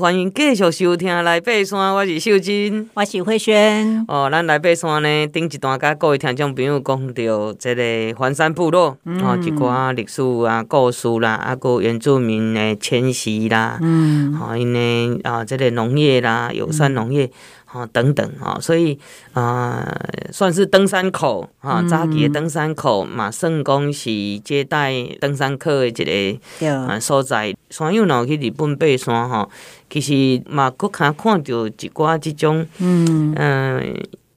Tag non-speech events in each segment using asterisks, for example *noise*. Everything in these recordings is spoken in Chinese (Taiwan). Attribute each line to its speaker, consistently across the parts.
Speaker 1: 歡迎繼續收聽《來爬山》，我是秀真，我是慧諼。哦，咱來爬山呢，頂一段甲各位聽眾朋友講着這個環山部落，嗯、哦，一寡歷史啊、故事啦，啊，佮原住民的遷徙啦、啊，嗯、哦，因的哦，即、呃這個農業啦、啊，友善農業。嗯啊、哦，等等啊，所以啊、呃，算是登山口啊，哦、早期嘅登山口嘛算講是接待登山客的一個啊所在。山友若去日本爬山哈，其實嘛，擱看看到一寡即種嗯嗯、呃、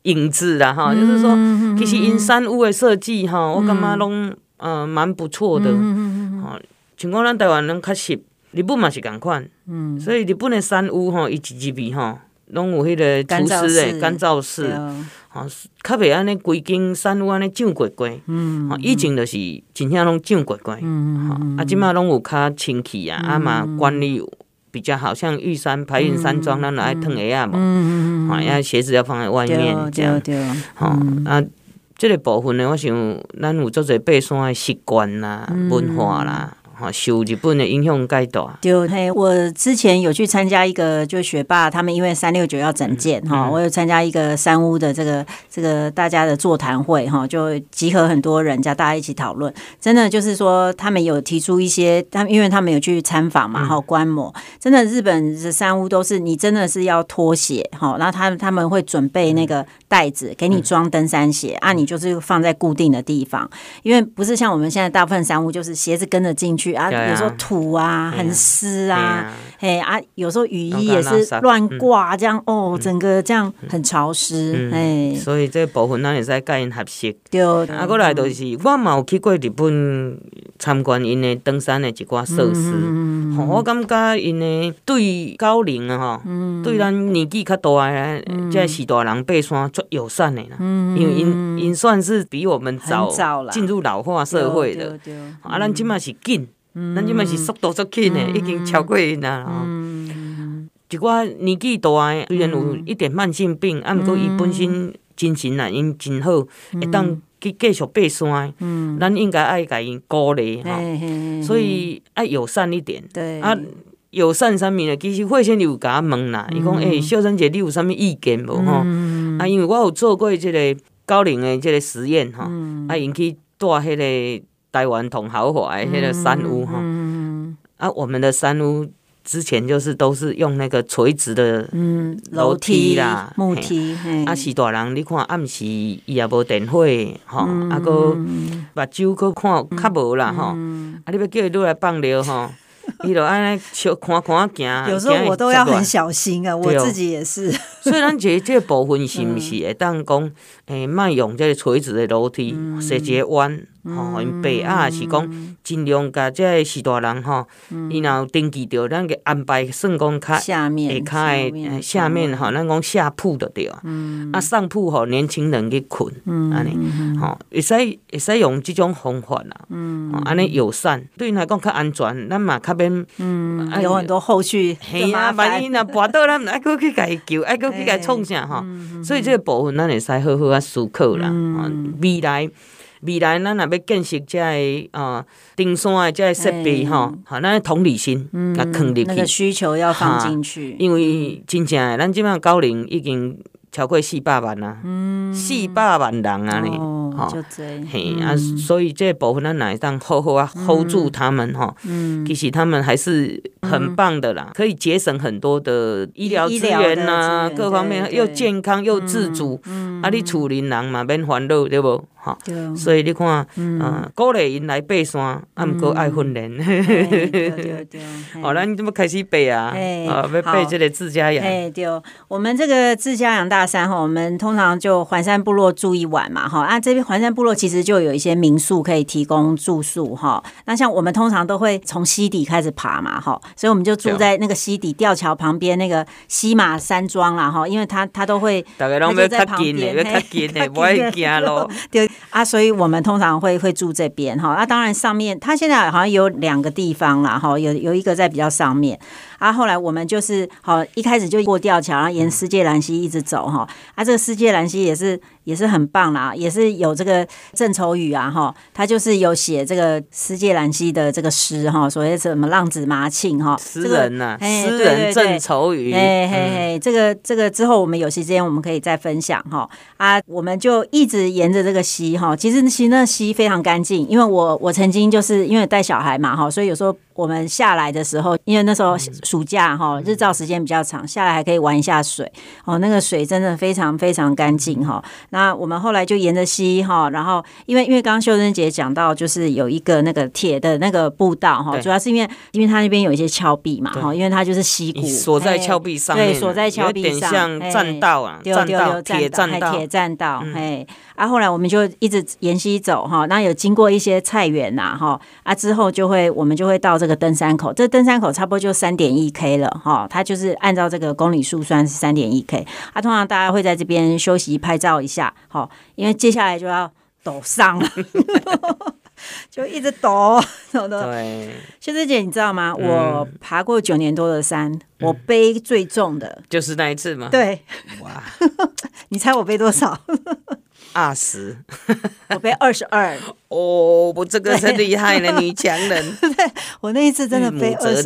Speaker 1: 影子啦哈，嗯、就是說，嗯嗯、其實因山屋嘅設計哈，我感覺攏嗯、呃，蠻不錯的。嗯嗯嗯嗯，嗯嗯像我咱台灣攏較熟，日本嘛是同款。嗯，所以日本嘅山屋吼，伊一支味吼。攏有迄個廚師誒，乾燥室，啊，較袂安尼規間山路安尼上過關，嗯，啊，以前著是真正攏上過關，嗯嗯，啊，即擺攏有較清氣啊，啊嘛管理比較好，像玉山排雲山莊，咱著愛脫鞋啊，無，嗯嗯嗯，啊，鞋子要放在外面，對對
Speaker 2: 對，吼，
Speaker 1: 啊，即個部分呢，我想咱有足儕爬山誒習慣啦，文化啦。受日本的影響太大。
Speaker 2: 就嘿，我之前有去參加一個，就學霸他們因為三六九要整建哈，嗯、我有參加一個山屋的這個這個大家的座談會哈，就集合很多人家，叫大家一起討論。真的就是說，他們有提出一些，他們因為他們有去參訪嘛，哈，觀摩。真的日本的山屋都是你真的是要脫鞋哈，然後他，他們會準備那個袋子給你裝登山鞋，嗯、啊，你就是放在固定的地方，因為不是像我們現在大部分山屋就是鞋子跟着進去。啊，比如說土啊，很濕啊，哎啊，有時候雨衣也是亂掛這樣哦，整個這樣很潮濕。哎，所
Speaker 1: 以這部分咱會使跟因合適。
Speaker 2: 對。啊，過來就是
Speaker 1: 我嘛有去過日本參觀因的登山的一寡設施。嗯吼，我感覺因的對高齡啊，吼，對咱年紀較大的人，這序大人爬山足友善的啦。嗯因為因因算是比我們早進入老化社會的。對對。啊，咱起碼是近。咱即滿是速度足緊呢，已經超過因咯。一寡年紀大，雖然有一點慢性病，啊，毋過伊本身精神啊因真好，
Speaker 2: 會當
Speaker 1: 去繼續爬山。咱應該愛給因鼓勵吼，
Speaker 2: 所以
Speaker 1: 愛友善一點。對。啊，友善啥物呢，其實慧諼有甲我問啦，伊講誒秀真姐，你有啥物意見無吼？啊，因為我有做過即個高齡的即個實驗吼，啊，引起帶迄個。台灣同豪華，那個山屋吼，啊，我們的山屋之前就是都是用那個垂直的
Speaker 2: 樓梯啦，木梯，
Speaker 1: 啊，是大人你看暗時伊也無電火吼，啊，個目睭閣看較無啦吼。啊，你要叫伊都來放尿吼，伊就安尼小看看行，有時候我都要很小
Speaker 2: 心啊，我自己也是。
Speaker 1: 雖然咱就這部分是毋是會當講？誒，賣用即個垂直的樓梯，設一個彎吼，因爬。啊，也是講盡量甲即個序大人吼，伊若有登記着，咱給安排，算講較下面會下面吼，咱講下鋪着對啊，啊，上鋪吼，年輕人去困安尼吼，會使會使用即種方法啦。安尼友善，對因來講較安全，咱嘛較免。嗯，有很多後續麻煩。係啊，萬一若跋倒，咱毋愛擱去甲伊救，愛擱去甲伊創啥吼？所以即個部分咱會使好好。思考啦，未來未來咱若要建設這哦，登山的這設備吼，好，咱同理心給放進去。那個需求要放進去。因為真正的咱這馬高齡已經超過四百萬啦，四百萬人啊哩，啊，所以這部分咱來當好好啊 hold 住他們吼。其實他們還是。很棒的啦，可以節省很多的醫療資源吶，各方面又健康又自主，嗯，啊，你厝裡人嘛免煩惱，對不？哈，所以你看，啊，鼓勵人來爬山，啊，毋過愛訓練對對對，哦，怎麼開始背啊，啊，背背這裡志佳陽，哎，
Speaker 2: 對哦，我們這個志佳陽大山哈，我們通常就環山部落住一晚嘛，哈，啊，這邊環山部落其實就有一些民宿可以提供住宿哈，那像我們通常都會從溪底開始爬嘛，哈。所以我們就住在那個溪底吊橋旁邊那個西馬山莊啦。哈，因為他他都會，大家都沒有太近的，會近的，不會嘿近啊嘍。對啊，所以我們通常會會住這邊哈。那、啊、當然上面，他現在好像有兩個地方啦哈，有有一個在比較上面。啊，後來我們就是好，一開始就過吊橋，然後沿世界蘭溪一直走哈。嗯、啊，這個世界蘭溪也是也是很棒啦，也是有這個鄭愁予啊哈，他就是有寫這個世界蘭溪的這個詩哈，所謂什麼浪子麻慶哈，詩人吶、啊，詩、這個欸、詩人鄭
Speaker 1: 愁予，哎嘿
Speaker 2: 嘿，這個這個之後我們有時間我們可以再分享哈。啊，我們就一直沿着這個溪哈，其實其實那溪非常乾淨，因為我我曾經就是因為帶小孩嘛哈，所以有時候。我們下來的時候，因為那時候暑假哈，日照時間比較長，嗯、下來還可以玩一下水哦。那個水真的非常非常乾淨哈。嗯、那我們後來就沿着溪哈，然後因為因為剛剛秀真姐講到，就是有一個那個鐵的那個步道哈，對主要是因為因為它那邊有一些峭壁嘛，哈對，因為它就是溪谷，鎖在，在峭壁上，對，鎖在峭壁上，有點像棧道啊，棧、欸、道、鐵棧道、鐵棧道，哎、嗯。啊，後來我們就一直沿溪走哈，那有經過一些菜園吶，哈，啊之後就會我們就會到這。這個登山口，這登山口差不多就三點一 k 了哈、哦，它就是按照這個公里數算是三點一 k。啊，通常大家會在這邊休息拍照一下，好、哦，因為接下來就要陡上了， *laughs* *laughs* 就一直陡陡，陡。的對。秀真姐，你知道嗎？我爬過九年多的山，嗯、我背最重的，
Speaker 1: 就是那一次嗎？
Speaker 2: 對，哇， *laughs* 你猜我背多少？嗯 *laughs*
Speaker 1: 二十，
Speaker 2: *laughs* 我背二十二。哦，我這個真厲害的女強人！ *laughs* 對，我那一次真的背二十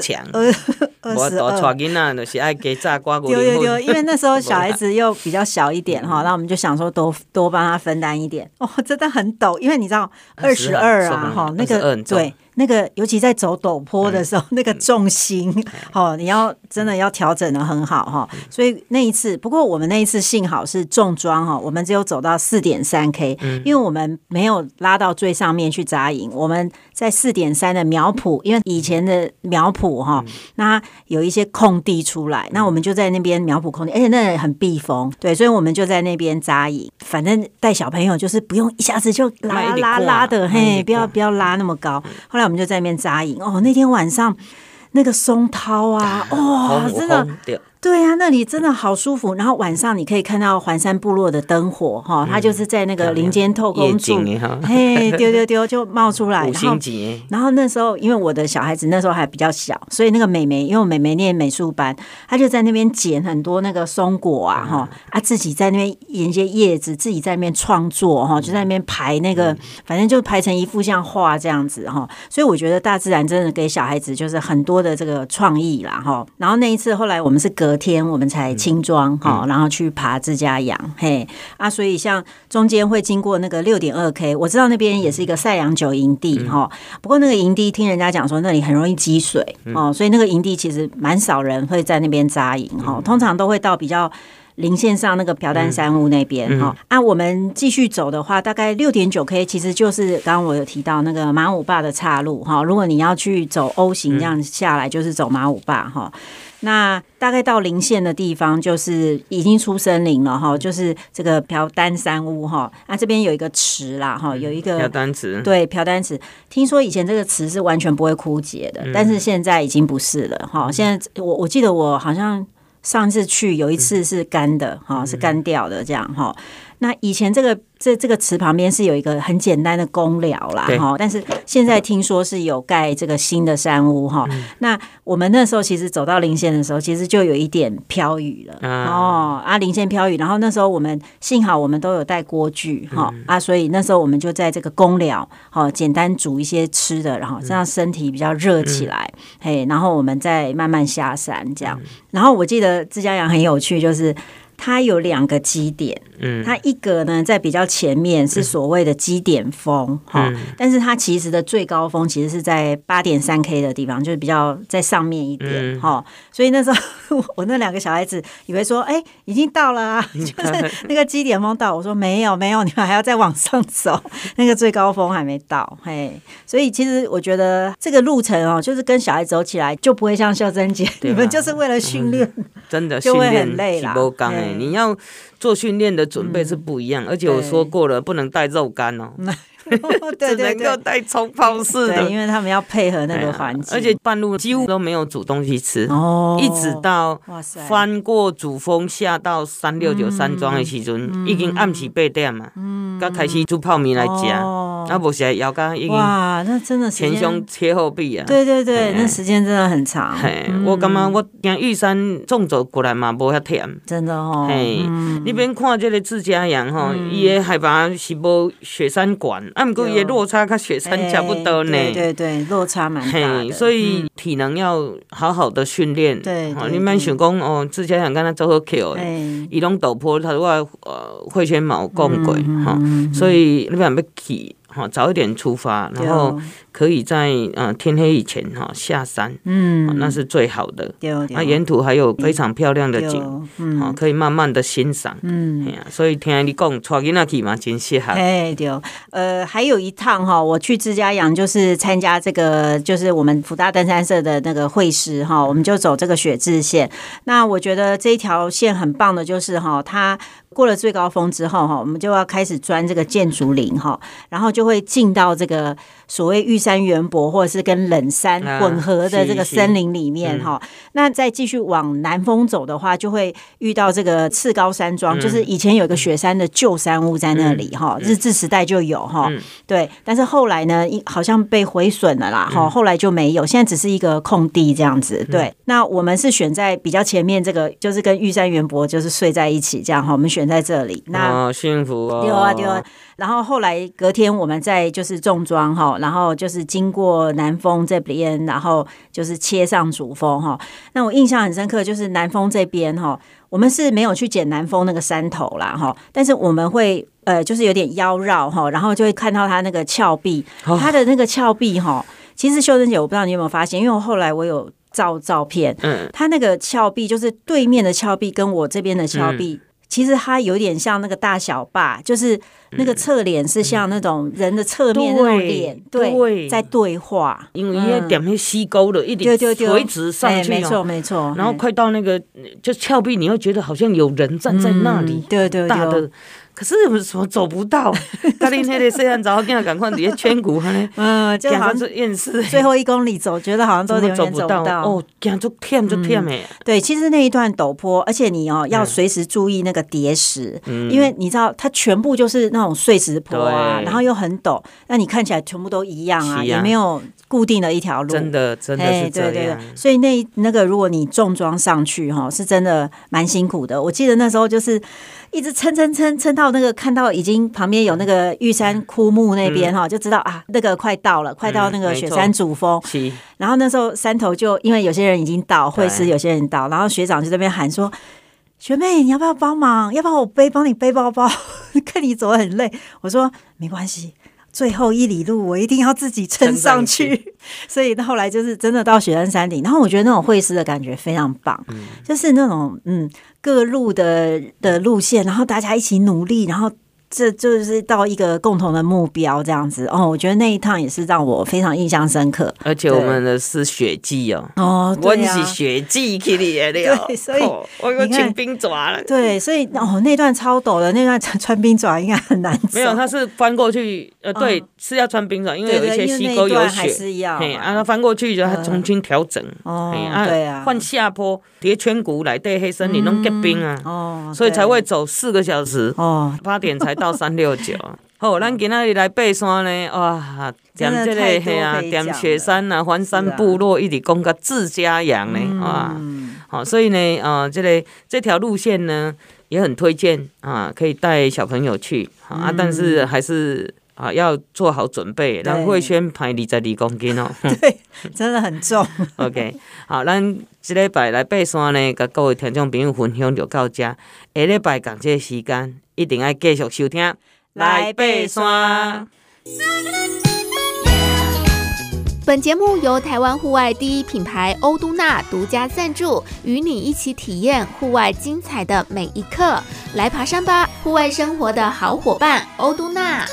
Speaker 2: *laughs* 我我
Speaker 1: 帶囡仔，就是愛給瓜果。 *laughs* 有有有，因為那時候小孩
Speaker 2: 子又比較小一點哈，那我們就想說多多幫他分擔一點。哇、哦，真的很陡，因為你知道二十二啊哈 22,、哦，那個對那個，尤其在走陡坡的時候，嗯、那個重心哈、嗯哦，你要真的要調整的很好哈、哦。所以那一次，不過我們那一次幸好是重裝哈、哦，我們只有走到四點三 K，因為我們沒有拉到最上面去紮營，嗯、我們在四點三的苗圃，因為以前的苗圃哈，那。有一些空地出來，那我們就在那邊苗圃空地，而且那很避風，對，所以我們就在那邊紮營。反正帶小朋友就是不用一下子就拉拉拉拉的，嘿，不要不要拉那麼高。後來我們就在那邊紮營哦，那天晚上那個松濤啊，哇，真的。蜂蜂對啊，那裡真的好舒服。然後晚上你可以看到環山部落的燈火哈，嗯、它就是在那個林間透光處，景好嘿，丟丟丟就冒出來 *laughs* 五星級。然。然後那時候，因為我的小孩子那時候還比較小，所以那個美眉，因為我美眉念美術班，她就在那邊撿很多那個松果啊，哈、嗯，啊自己在那邊撿些葉子，自己在那邊創作哈，就在那邊排那個，嗯、反正就排成一幅像畫這樣子哈。所以我覺得大自然真的給小孩子就是很多的這個創意啦哈。然後那一次後來我們是隔隔天我們才輕裝、嗯嗯、然後去爬志佳陽、啊、所以像中間會經過那個六點二 K，我知道那邊也是一個志佳陽舊營地、嗯哦、不過那個營地聽人家講說那裡很容易積水、嗯哦、所以那個營地其實蠻少人會在那邊紮營、哦、通常都會到比較。林線上那個瓢簞山屋那邊哈，那、嗯嗯啊、我們繼續走的話，大概六點九 K，其實就是剛剛我有提到那個馬武壩的岔路哈。如果你要去走 O 型這樣下來，就是走馬武壩哈。嗯、那大概到林線的地方，就是已經出森林了哈，就是這個瓢簞山屋哈。嗯、啊，這邊有一個池啦哈，有一個瓢簞對瓢簞池，聽說以前這個池是完全不會枯竭的，嗯、但是現在已經不是了哈。現在我我記得我好像。上次去有一次是乾的，哈對，是乾掉的這樣，哈。那以前這個這這個池旁邊是有一個很簡單的工寮啦哈，對但是現在聽說是有蓋這個新的山屋哈。嗯、那我們那時候其實走到稜線的時候，其實就有一點飄雨了哦啊，稜線飄雨，然後那時候我們幸好我們都有帶鍋具哈、嗯、啊，所以那時候我們就在這個工寮哈、哦，簡單煮一些吃的，然後這樣身體比較熱起來，嗯、嘿，然後我們再慢慢下山這樣。嗯、然後我記得志佳陽很有趣，就是。它有兩個基點，嗯，它一個呢在比較前面是所謂的基點峰，哈、嗯，嗯、但是它其實的最高峰其實是在八點三 K 的地方，就是比較在上面一點，哈、嗯哦，所以那時候我，我那兩個小孩子以為說，哎、欸，已經到了啊， *laughs* 就是那個基點峰到，我說沒有沒有，你們還要再往上走，那個最高峰還沒到，嘿，所以其實我覺得這個路程哦、喔，就是跟小孩走起來就不會像秀珍姐，啊、你們就是為了訓練，
Speaker 1: 真的就會很累了。你要做訓練的準備是不一樣，嗯、而且我說過了，對不能帶肉乾哦、喔，嗯、
Speaker 2: *laughs* 只能夠帶沖泡式的對對對對對，因為他們要配合那個環境，啊，而且
Speaker 1: 半路幾乎都沒有煮東西吃，
Speaker 2: 對一直到翻
Speaker 1: 過主峰下到三六九山莊的時陣，嗯嗯、已經暗時八點嘛，才、嗯、開始煮泡麵來吃。嗯嗯哦啊，無是腰桿硬哇！
Speaker 2: 那真的前胸
Speaker 1: 貼後背啊！對對對，那時
Speaker 2: 間真的很長。嘿，我感覺我像玉山
Speaker 1: 縱走過來嘛，無遐忝，真的哦。嘿，你別看這個志佳陽吼，伊個海拔是無雪山高，啊，不過伊個落差跟雪山差不多呢。對
Speaker 2: 對，落差蠻大。嘿，所以
Speaker 1: 體能要好好的訓練。對，你們想講哦，志佳陽跟他走個橋，哎，伊種陡坡他話呃會先毛光貴哈，所以你別要去。好，早一點出發，然後，可以在天黑以前哈下山，嗯，那是最好的。那沿途還有非常漂亮的景，嗯，可以慢慢的欣賞，
Speaker 2: 嗯，
Speaker 1: 所以聽你講，帶囡仔去嘛真適合，哎，
Speaker 2: 對，呃，還有一趟哈，我去志佳陽，就是參加這個，就是我們輔大登山社的那個會師哈，我們就走這個志雪線。那我覺得這一條線很棒的，就是哈，它過了最高峰之後哈，我們就要開始鑽這個箭竹林哈，然後就會進到這個所謂玉。山圓柏或者是跟冷杉混合的這個森林裡面哈，啊嗯、那再繼續往南峰走的話，就會遇到這個赤高山莊，嗯、就是以前有一個雪山的舊山屋在那裡哈，嗯、日治時代就有哈，嗯、對，但是後來呢，好像被毀損了啦哈，嗯、後來就沒有，現在只是一個空地這樣子。對，嗯、那我們是選在比較前面這個，就是跟玉山圓柏就是睡在一起這樣哈，我們選在這裡，那、哦、
Speaker 1: 幸福哦、啊啊，
Speaker 2: 然後後來隔天我們再就是重裝哈，然後就是。是經過南峰這邊，然後就是切上主峰哈。那我印象很深刻，就是南峰這邊哈，我們是沒有去撿南峰那個山頭啦。哈，但是我們會呃，就是有點腰繞哈，然後就會看到它那個峭壁，它的那個峭壁哈。其實秀真姐，我不知道你有沒有發現，因為我後來我有照照片，嗯，它那個峭壁就是對面的峭壁，跟我這邊的峭壁。嗯其實它有點像那個大小霸，就是那個側臉是像那種人的側面、嗯、那種臉，對，在對話，因為兩
Speaker 1: 邊溪溝的、嗯、一點垂直上去，沒錯沒錯，然後快到那個就峭壁，你會覺得好像有人站在那裡，嗯、對對對。大的可是又什麼走不到？他林 *laughs* 那的雖然早，更要趕快直接圈谷嗯，就好像厭世最後
Speaker 2: 一公里走，覺得好像都永遠走不到哦，這樣就跳就跳沒。Oh, 嗯、對，其實那一段陡坡，而且你哦、喔、要隨時注意那個疊石，嗯、因為你知道它全部就是那種碎石坡啊，對然後又很陡，那你看起來全部都一樣啊，啊也沒有固定一條的一條路，真的真的是這樣對對。所以那那個如果你重裝上去哈，是真的蠻辛苦的。我記得那時候就是。一直蹭蹭蹭蹭到那個看到已經旁邊有那個玉山枯木那邊哈，嗯、就知道啊，那個快到了，嗯、快到那個雪山主峰。錯然後那時候山頭就因為有些人已經到，是會師有些人到，然後學長就在那邊喊說：“對學妹，你要不要幫忙？要不要我背幫你背包包？ *laughs* 看你走得很累。”我說：“沒關係。”最後一里路，我一定要自己撐上去。 *laughs* 所以後來就是真的到雪山頂，然後我覺得那種會師的感覺非常棒，嗯、就是那種嗯各路的的路線，然後大家一起努力，然後。這就是到一個共同的目標這樣子哦，我覺得那一趟也是讓我非常印象深刻。而且我們
Speaker 1: 的是雪季哦，哦，我
Speaker 2: 們是雪季
Speaker 1: 去的了，所以我有穿冰爪了。
Speaker 2: 對，所以哦那段超陡的那段穿穿冰爪應該很難。沒有，他
Speaker 1: 是翻過去呃，對，是要穿冰爪，因為有一些溪溝有雪，對，啊，他翻過去就他重新調整，哦，對啊，換下坡疊圈谷來對黑森林弄結冰啊，哦，所以才會走四個小時，哦，八點才。到三六九，好，咱今仔日來爬山呢，哇，點這個，哎啊，點雪山啊，環山部落，一直攻個志佳陽呢，哇，好，所以呢，呃，這個這條路線呢，也很推薦啊，可以帶小朋友去啊，但是還是啊要做好準備，讓慧諼排二十二公斤哦，對，真的很重。OK，好，咱這禮拜來爬山呢，甲各位聽眾朋友分享就到這，下禮拜同這時間。一定要繼續收聽，
Speaker 2: 來爬山。本節目由台灣戶外第一品牌歐都娜獨家贊助，與你一起體驗戶外精彩的每一刻，來爬山吧！戶外生活的好夥伴，歐都娜。